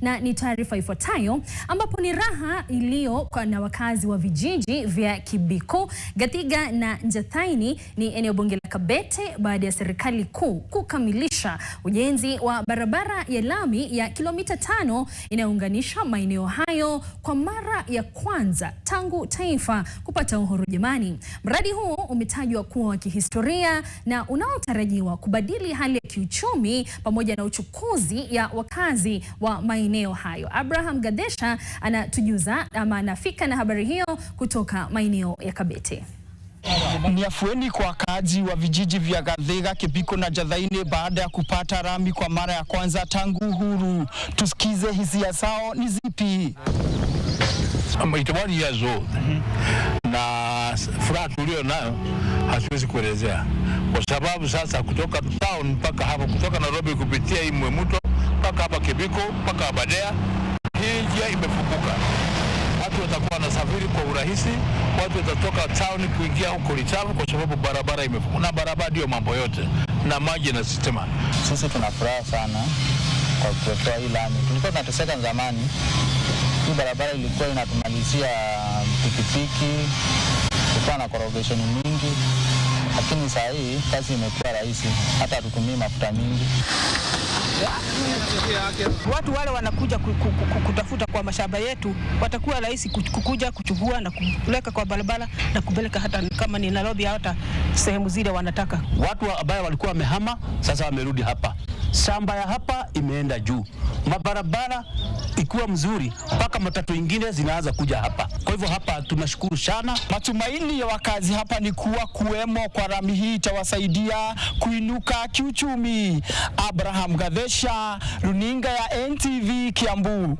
na ni taarifa ifuatayo, ambapo ni raha iliyo na wakazi wa vijiji vya Kibiko, Gatiga na Njathaini ni eneo bunge Kabete baada ya serikali kuu kukamilisha ujenzi wa barabara ya lami ya kilomita tano inayounganisha maeneo hayo kwa mara ya kwanza tangu taifa kupata uhuru. Jamani, mradi huu umetajwa kuwa wa kihistoria na unaotarajiwa kubadili hali ya kiuchumi pamoja na uchukuzi ya wakazi wa maeneo hayo. Abraham Gadesha anatujuza ama anafika na habari hiyo kutoka maeneo ya Kabete. Ni afueni kwa wakaaji wa vijiji vya Gadhega, Kibiko na jadhaini baada ya kupata rami kwa mara ya kwanza tangu uhuru. Tusikize hisia zao ni zipi? Maitawari yazo mhm. na furaha tulio nayo hatuwezi kuelezea, kwa sababu sasa kutoka town mpaka hapa, kutoka Nairobi kupitia hii Mwemuto mpaka hapa Kibiko mpaka Abadea, hii njia imefunguka, watu watakuwa wanasafiri kwa urahisi watu watatoka town kuingia huko Litaru kwa sababu barabara imefungwa, na barabara ndiyo mambo yote na maji na sitima. Sisi furaha sana kwa kuwekewa hii lami. Tulikuwa tunateseka zamani, hii barabara ilikuwa inatumalizia pikipiki, kulikuwa na korogesheni mingi, lakini saa hii kazi imekuwa rahisi, hata hatutumii mafuta mingi watu wale wanakuja kutafuta kwa mashamba yetu, watakuwa rahisi kukuja kuchukua na kupeleka kwa barabara na kupeleka hata kama ni Nairobi, hata sehemu zile wanataka. Watu ambao walikuwa wamehama sasa wamerudi hapa, shamba ya hapa imeenda juu, mabarabara ikiwa mzuri, mpaka matatu ingine zinaanza kuja hapa. Kwa hivyo hapa tunashukuru sana. Matumaini ya wakazi hapa ni kuwa kuwemo kwa rami hii itawasaidia kuinuka kiuchumi. Abraham Gadesha, runinga ya NTV Kiambu.